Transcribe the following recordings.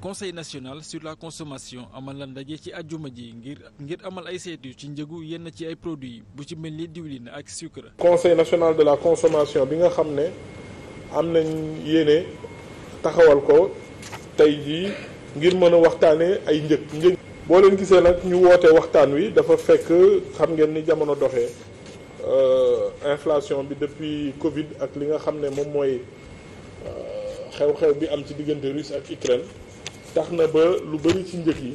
conseil national sur la consommation amal na ndaje ci àjjuma ji ngir ngir amal ay saytu ci njëgu yenn ci ay produits bu ci mel ni diwlin ak sucre. conseil national de la consommation bi nga xam ne am nañ yéene taxawal ko tey jii ngir mën a waxtaanee ay njëg njëg. boo leen gisee nag ñu wootee waxtaan wi dafa fekk xam ngeen ni jamono doxee euh, inflation bi depuis Covid ak li nga xam ne moom mooy euh, xew-xew bi am ci diggante Russie ak Ukraine. tax na ba lu bëri ci njëg yi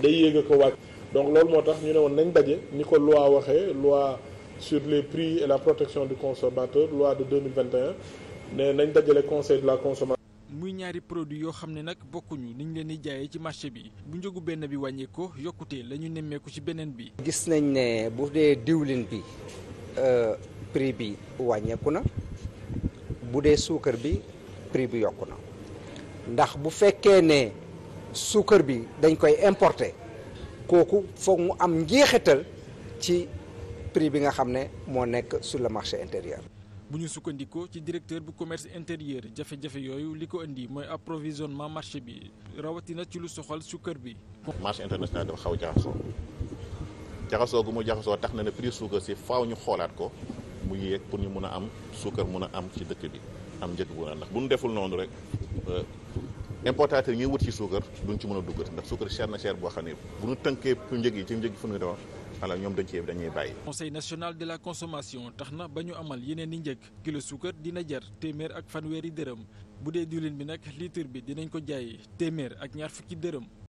day yéeg a ko wàcc donc loolu moo tax ñu ne woon nañ daje ni ko loi waxee loi sur les prix et la protection du consommateur loi de 2021 ne nañ dajale conseil de la consommation. muy ñaari produit yoo xam ne nag bokkuñu niñ leen di jaayee ci marché bi bu njëgu benn bi wàññeeku ko yokkute la ñu nemmeeku ci beneen bi. gis nañ ne bu dee diwlin bi euh, prix bi wàññeeku na bu dee suukar bi prix bi yokku na. ndax bu fekkee ne suukar bi dañ koy importer kooku foog mu am njeexital ci prix bi nga xam ne moo nekk sur le marché intérieur. bu ñu sukkandikoo ci directeur bu commerce intérieur jafe-jafe yooyu li ko indi mooy approvisionnement marché bi rawatina ci lu soxal suukar bi. marché international dafa xaw a jaxasoo jaxasoo gu mu jaxasoo tax na ne prix suukar si faaw ñu xoolaat ko mu yéeg pour ñu mun a am suukar mun a am ci dëkk bi. am njëg bu ndax bu ñu deful noonu rek euh, importateur yi ñuy wut ci suukar duñ ci mën a duggati ndax suukar cher na cher boo xam ne bu ñu tënkee njëg yi ci njëg fu ñu doon alors ñoom dañ cee dañuy bàyyi. conseil national de la consommation tax na ba ñu amal yeneen i njëg kilo suukar dina jar téeméer ak fanweeri dërëm bu dee diwlin bi nag litre bi dinañ ko jaay téeméer ak ñaar fukki dërëm.